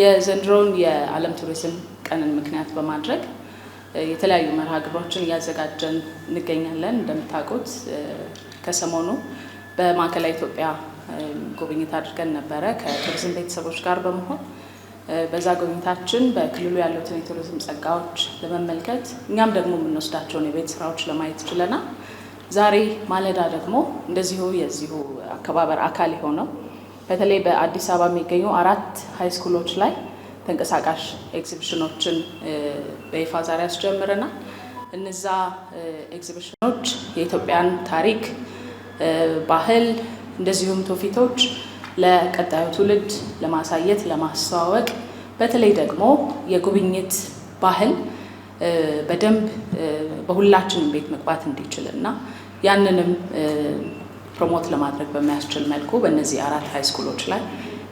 የዘንድሮውን የዓለም ቱሪዝም ቀንን ምክንያት በማድረግ የተለያዩ መርሃ ግብሮችን እያዘጋጀን እንገኛለን። እንደምታውቁት ከሰሞኑ በማዕከላዊ ኢትዮጵያ ጉብኝት አድርገን ነበረ ከቱሪዝም ቤተሰቦች ጋር በመሆን በዛ ጉብኝታችን በክልሉ ያሉትን የቱሪዝም ጸጋዎች ለመመልከት እኛም ደግሞ የምንወስዳቸውን የቤት ስራዎች ለማየት ችለናል። ዛሬ ማለዳ ደግሞ እንደዚሁ የዚሁ አከባበር አካል የሆነው በተለይ በአዲስ አበባ የሚገኙ አራት ሃይስኩሎች ላይ ተንቀሳቃሽ ኤግዚቢሽኖችን በይፋ ዛሬ አስጀምረናል። እነዛ ኤግዚቢሽኖች የኢትዮጵያን ታሪክ፣ ባህል እንደዚሁም ትውፊቶች ለቀጣዩ ትውልድ ለማሳየት ለማስተዋወቅ በተለይ ደግሞ የጉብኝት ባህል በደንብ በሁላችንም ቤት መግባት እንዲችል እና ያንንም ፕሮሞት ለማድረግ በሚያስችል መልኩ በእነዚህ አራት ሃይስኩሎች ላይ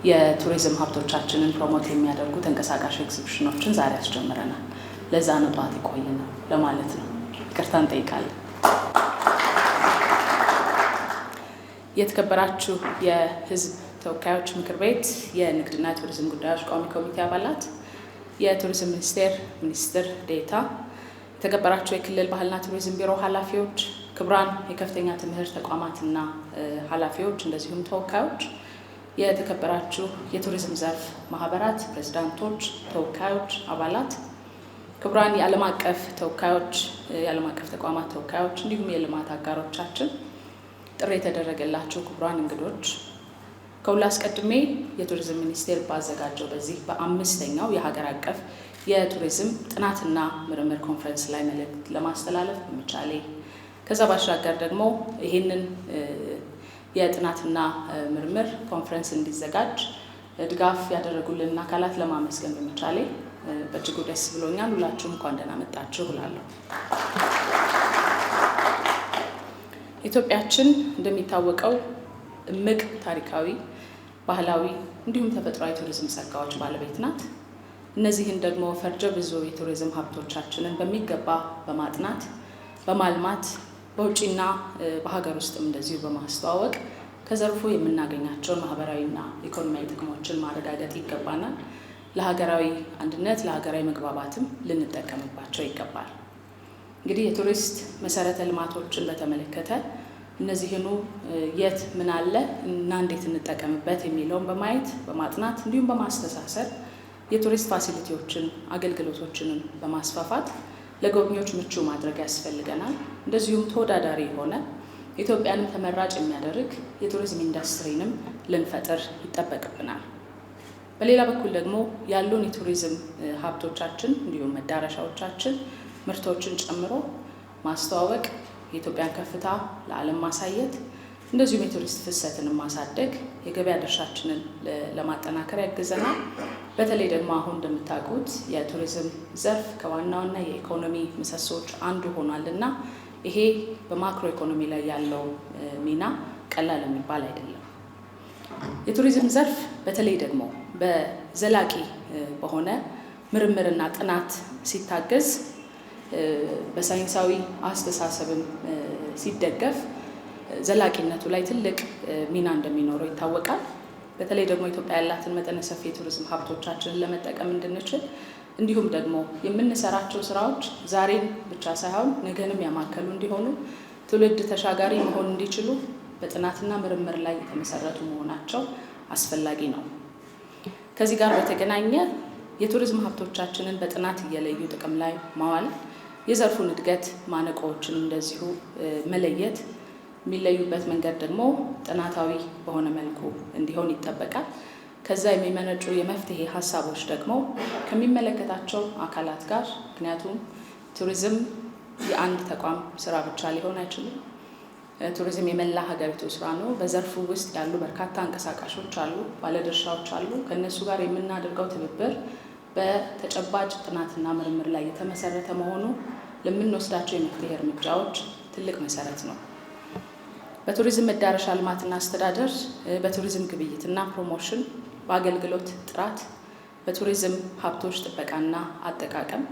የቱሪዝም ሀብቶቻችንን ፕሮሞት የሚያደርጉ ተንቀሳቃሽ ኤግዚቢሽኖችን ዛሬ አስጀምረናል። ለዛ ነው ጠዋት የቆየ ነው ለማለት ነው። ይቅርታ እንጠይቃለን። የተከበራችሁ የህዝብ ተወካዮች ምክር ቤት የንግድና ቱሪዝም ጉዳዮች ቋሚ ኮሚቴ አባላት፣ የቱሪዝም ሚኒስቴር ሚኒስትር ዴታ፣ የተከበራችሁ የክልል ባህልና ቱሪዝም ቢሮ ኃላፊዎች ክቡራን የከፍተኛ ትምህርት ተቋማትና ኃላፊዎች እንደዚሁም ተወካዮች፣ የተከበራችሁ የቱሪዝም ዘርፍ ማህበራት ፕሬዚዳንቶች፣ ተወካዮች፣ አባላት፣ ክቡራን የዓለም አቀፍ ተወካዮች፣ የዓለም አቀፍ ተቋማት ተወካዮች እንዲሁም የልማት አጋሮቻችን፣ ጥሪ የተደረገላችሁ ክቡራን እንግዶች ከሁሉ አስቀድሜ የቱሪዝም ሚኒስቴር ባዘጋጀው በዚህ በአምስተኛው የሀገር አቀፍ የቱሪዝም ጥናትና ምርምር ኮንፈረንስ ላይ መልእክት ለማስተላለፍ በመቻሌ ከዛ ባሻገር ደግሞ ይህንን የጥናትና ምርምር ኮንፈረንስ እንዲዘጋጅ ድጋፍ ያደረጉልን አካላት ለማመስገን በመቻሌ በእጅጉ ደስ ብሎኛል። ሁላችሁም እንኳን ደህና መጣችሁ እላለሁ። ኢትዮጵያችን እንደሚታወቀው እምቅ ታሪካዊ፣ ባህላዊ እንዲሁም ተፈጥሯዊ ቱሪዝም ጸጋዎች ባለቤት ናት። እነዚህን ደግሞ ፈርጀ ብዙ የቱሪዝም ሀብቶቻችንን በሚገባ በማጥናት በማልማት በውጭና በሀገር ውስጥም እንደዚሁ በማስተዋወቅ ከዘርፉ የምናገኛቸውን ማህበራዊና ኢኮኖሚያዊ ጥቅሞችን ማረጋገጥ ይገባናል። ለሀገራዊ አንድነት፣ ለሀገራዊ መግባባትም ልንጠቀምባቸው ይገባል። እንግዲህ የቱሪስት መሰረተ ልማቶችን በተመለከተ እነዚህኑ የት ምን አለ እና እንዴት እንጠቀምበት የሚለውን በማየት በማጥናት እንዲሁም በማስተሳሰር የቱሪስት ፋሲሊቲዎችን አገልግሎቶችንም በማስፋፋት ለጎብኚዎች ምቹ ማድረግ ያስፈልገናል። እንደዚሁም ተወዳዳሪ የሆነ ኢትዮጵያንም ተመራጭ የሚያደርግ የቱሪዝም ኢንዱስትሪንም ልንፈጥር ይጠበቅብናል። በሌላ በኩል ደግሞ ያሉን የቱሪዝም ሀብቶቻችን እንዲሁም መዳረሻዎቻችን ምርቶችን ጨምሮ ማስተዋወቅ፣ የኢትዮጵያን ከፍታ ለዓለም ማሳየት፣ እንደዚሁም የቱሪስት ፍሰትን ማሳደግ የገበያ ድርሻችንን ለማጠናከር ያግዘናል። በተለይ ደግሞ አሁን እንደምታውቁት የቱሪዝም ዘርፍ ከዋና ዋና የኢኮኖሚ ምሰሶች አንዱ ሆኗል እና ይሄ በማክሮ ኢኮኖሚ ላይ ያለው ሚና ቀላል የሚባል አይደለም። የቱሪዝም ዘርፍ በተለይ ደግሞ በዘላቂ በሆነ ምርምርና ጥናት ሲታገዝ በሳይንሳዊ አስተሳሰብም ሲደገፍ ዘላቂነቱ ላይ ትልቅ ሚና እንደሚኖረው ይታወቃል። በተለይ ደግሞ ኢትዮጵያ ያላትን መጠነ ሰፊ የቱሪዝም ሀብቶቻችንን ለመጠቀም እንድንችል እንዲሁም ደግሞ የምንሰራቸው ስራዎች ዛሬን ብቻ ሳይሆን ነገንም ያማከሉ እንዲሆኑ ትውልድ ተሻጋሪ መሆን እንዲችሉ በጥናትና ምርምር ላይ የተመሰረቱ መሆናቸው አስፈላጊ ነው። ከዚህ ጋር በተገናኘ የቱሪዝም ሀብቶቻችንን በጥናት እየለዩ ጥቅም ላይ ማዋል የዘርፉን እድገት ማነቆዎችን እንደዚሁ መለየት የሚለዩበት መንገድ ደግሞ ጥናታዊ በሆነ መልኩ እንዲሆን ይጠበቃል። ከዛ የሚመነጩ የመፍትሄ ሀሳቦች ደግሞ ከሚመለከታቸው አካላት ጋር ምክንያቱም ቱሪዝም የአንድ ተቋም ስራ ብቻ ሊሆን አይችልም። ቱሪዝም የመላ ሀገሪቱ ስራ ነው። በዘርፉ ውስጥ ያሉ በርካታ አንቀሳቃሾች አሉ፣ ባለድርሻዎች አሉ። ከእነሱ ጋር የምናደርገው ትብብር በተጨባጭ ጥናትና ምርምር ላይ የተመሰረተ መሆኑ ለምንወስዳቸው የመፍትሄ እርምጃዎች ትልቅ መሰረት ነው። በቱሪዝም መዳረሻ ልማትና አስተዳደር በቱሪዝም ግብይትና ፕሮሞሽን፣ በአገልግሎት ጥራት፣ በቱሪዝም ሀብቶች ጥበቃና አጠቃቀም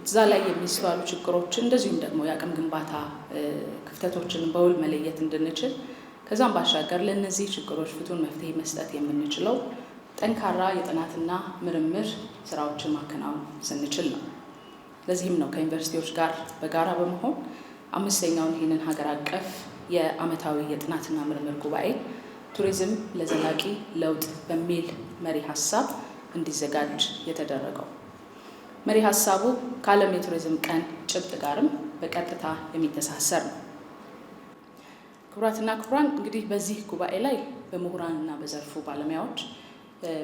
እዛ ላይ የሚስተዋሉ ችግሮችን እንደዚሁም ደግሞ የአቅም ግንባታ ክፍተቶችን በውል መለየት እንድንችል ከዛም ባሻገር ለእነዚህ ችግሮች ፍቱን መፍትሄ መስጠት የምንችለው ጠንካራ የጥናትና ምርምር ስራዎችን ማከናወን ስንችል ነው። ለዚህም ነው ከዩኒቨርሲቲዎች ጋር በጋራ በመሆን አምስተኛውን ይህንን ሀገር አቀፍ የዓመታዊ የጥናትና ምርምር ጉባኤ ቱሪዝም ለዘላቂ ለውጥ በሚል መሪ ሀሳብ እንዲዘጋጅ የተደረገው መሪ ሀሳቡ ከዓለም የቱሪዝም ቀን ጭብጥ ጋርም በቀጥታ የሚተሳሰር ነው። ክቡራትና ክቡራን እንግዲህ በዚህ ጉባኤ ላይ በምሁራንና በዘርፉ ባለሙያዎች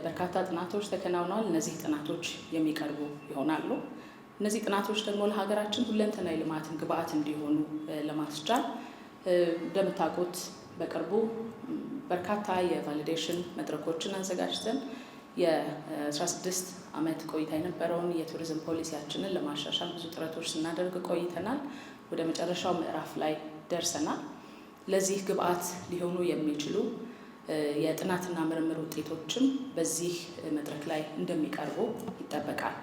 በርካታ ጥናቶች ተከናውነዋል። እነዚህ ጥናቶች የሚቀርቡ ይሆናሉ። እነዚህ ጥናቶች ደግሞ ለሀገራችን ሁለንተናዊ ልማትን ግብዓት እንዲሆኑ ለማስቻል እንደምታውቁት በቅርቡ በርካታ የቫሊዴሽን መድረኮችን አዘጋጅተን የ16 ዓመት ቆይታ የነበረውን የቱሪዝም ፖሊሲያችንን ለማሻሻል ብዙ ጥረቶች ስናደርግ ቆይተናል። ወደ መጨረሻው ምዕራፍ ላይ ደርሰናል። ለዚህ ግብአት ሊሆኑ የሚችሉ የጥናትና ምርምር ውጤቶችም በዚህ መድረክ ላይ እንደሚቀርቡ ይጠበቃል።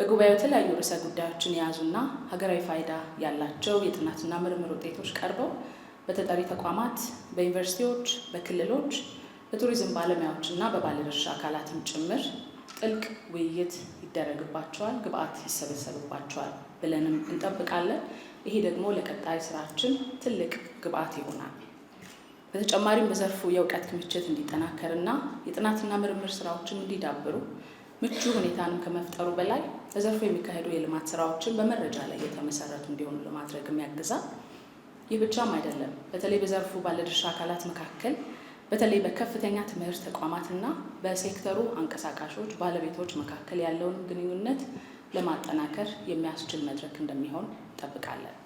በጉባኤው የተለያዩ ርዕሰ ጉዳዮችን የያዙና ሀገራዊ ፋይዳ ያላቸው የጥናትና ምርምር ውጤቶች ቀርበው በተጠሪ ተቋማት፣ በዩኒቨርሲቲዎች፣ በክልሎች፣ በቱሪዝም ባለሙያዎች እና በባለድርሻ አካላትም ጭምር ጥልቅ ውይይት ይደረግባቸዋል፣ ግብአት ይሰበሰብባቸዋል ብለንም እንጠብቃለን። ይሄ ደግሞ ለቀጣይ ስራችን ትልቅ ግብአት ይሆናል። በተጨማሪም በዘርፉ የእውቀት ክምችት እንዲጠናከርና የጥናትና ምርምር ስራዎችን እንዲዳብሩ ምቹ ሁኔታንም ከመፍጠሩ በላይ በዘርፉ የሚካሄዱ የልማት ስራዎችን በመረጃ ላይ የተመሰረቱ እንዲሆኑ ለማድረግ ያግዛል። ይህ ብቻም አይደለም። በተለይ በዘርፉ ባለድርሻ አካላት መካከል በተለይ በከፍተኛ ትምህርት ተቋማትና በሴክተሩ አንቀሳቃሾች ባለቤቶች መካከል ያለውን ግንኙነት ለማጠናከር የሚያስችል መድረክ እንደሚሆን እንጠብቃለን።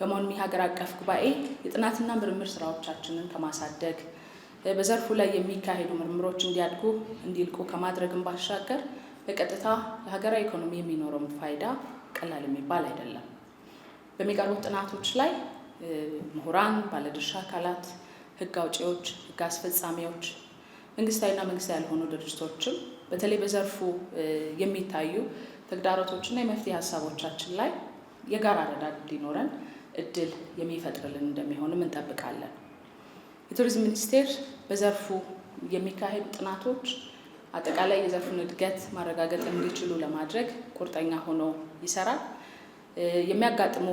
በመሆኑም የሀገር አቀፍ ጉባኤ የጥናትና ምርምር ስራዎቻችንን ከማሳደግ በዘርፉ ላይ የሚካሄዱ ምርምሮች እንዲያድጉ እንዲልቁ ከማድረግም ባሻገር በቀጥታ ለሀገራዊ ኢኮኖሚ የሚኖረውም ፋይዳ ቀላል የሚባል አይደለም። በሚቀርቡ ጥናቶች ላይ ምሁራን፣ ባለድርሻ አካላት፣ ህግ አውጪዎች፣ ህግ አስፈጻሚዎች፣ መንግስታዊና መንግስታዊ ያልሆኑ ድርጅቶችም በተለይ በዘርፉ የሚታዩ ተግዳሮቶችና የመፍትሄ ሀሳቦቻችን ላይ የጋራ ረዳድ እንዲኖረን እድል የሚፈጥርልን እንደሚሆንም እንጠብቃለን። የቱሪዝም ሚኒስቴር በዘርፉ የሚካሄዱ ጥናቶች አጠቃላይ የዘርፉን እድገት ማረጋገጥ እንዲችሉ ለማድረግ ቁርጠኛ ሆኖ ይሰራል። የሚያጋጥሙ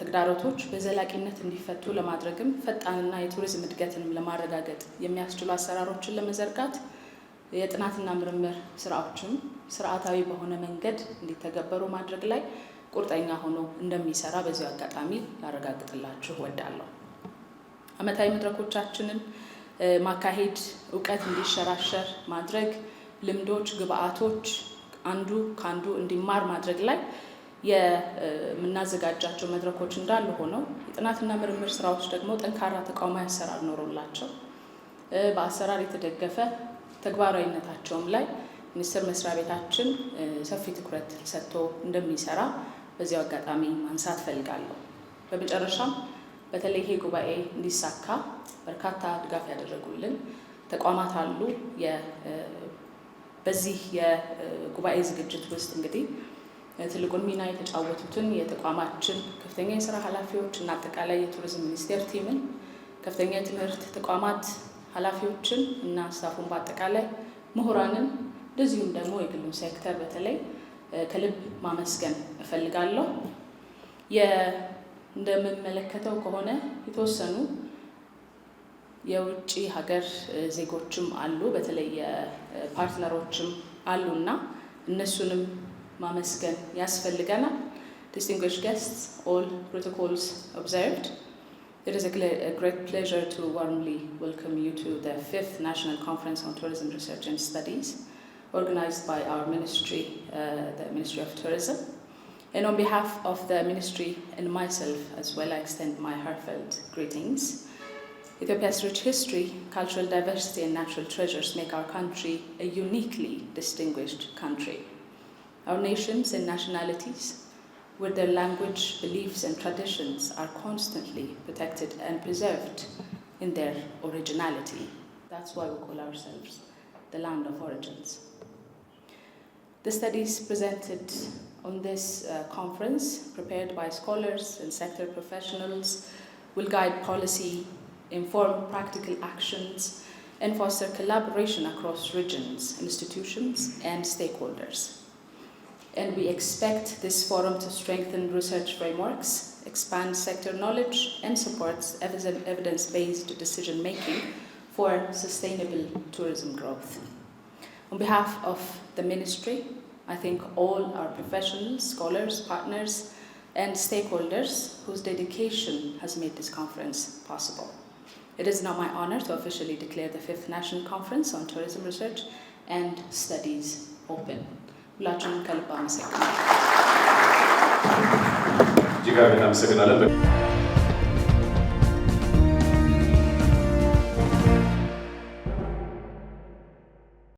ተግዳሮቶች በዘላቂነት እንዲፈቱ ለማድረግም ፈጣንና የቱሪዝም እድገትንም ለማረጋገጥ የሚያስችሉ አሰራሮችን ለመዘርጋት የጥናትና ምርምር ስራዎችም ስርዓታዊ በሆነ መንገድ እንዲተገበሩ ማድረግ ላይ ቁርጠኛ ሆኖ እንደሚሰራ በዚሁ አጋጣሚ ላረጋግጥላችሁ ወዳለሁ። አመታዊ መድረኮቻችንን ማካሄድ፣ እውቀት እንዲሸራሸር ማድረግ፣ ልምዶች፣ ግብአቶች አንዱ ከአንዱ እንዲማር ማድረግ ላይ የምናዘጋጃቸው መድረኮች እንዳሉ ሆነው የጥናትና ምርምር ስራዎች ደግሞ ጠንካራ ተቋማዊ አሰራር ኖሮላቸው በአሰራር የተደገፈ ተግባራዊነታቸውም ላይ ሚኒስቴር መስሪያ ቤታችን ሰፊ ትኩረት ሰጥቶ እንደሚሰራ በዚያው አጋጣሚ ማንሳት ፈልጋለሁ። በመጨረሻም በተለይ ይሄ ጉባኤ እንዲሳካ በርካታ ድጋፍ ያደረጉልን ተቋማት አሉ። በዚህ የጉባኤ ዝግጅት ውስጥ እንግዲህ ትልቁን ሚና የተጫወቱትን የተቋማችን ከፍተኛ የስራ ኃላፊዎች እና አጠቃላይ የቱሪዝም ሚኒስቴር ቲምን፣ ከፍተኛ የትምህርት ተቋማት ኃላፊዎችን እና ስታፉን በአጠቃላይ ምሁራንን፣ እንደዚሁም ደግሞ የግሉን ሴክተር በተለይ ከልብ ማመስገን እፈልጋለሁ። እንደምመለከተው ከሆነ የተወሰኑ የውጭ ሀገር ዜጎችም አሉ፣ በተለይ ፓርትነሮችም አሉ እና እነሱንም ማመስገን ያስፈልገናል። ዲስቲንግዊሽድ ጌስትስ ኦል ፕሮቶኮልስ ኦብዘርቭድ It is a, a great pleasure to warmly welcome you to the fifth National Conference on Tourism Research and Studies organized by our ministry, uh, the Ministry of Tourism. And on behalf of the ministry and myself as well, I extend my heartfelt greetings. Ethiopia's rich history, cultural diversity, and natural treasures make our country a uniquely distinguished country. Our nations and nationalities, with their language, beliefs, and traditions, are constantly protected and preserved in their originality. That's why we call ourselves the land of origins. The studies presented on this uh, conference, prepared by scholars and sector professionals, will guide policy, inform practical actions, and foster collaboration across regions, institutions, and stakeholders. And we expect this forum to strengthen research frameworks, expand sector knowledge, and support evidence-based decision-making for sustainable tourism growth. On behalf of the Ministry I think all our professionals, scholars, partners, and stakeholders whose dedication has made this conference possible. It is now my honor to officially declare the fifth National Conference on Tourism Research and Studies open. Blatun Kalpa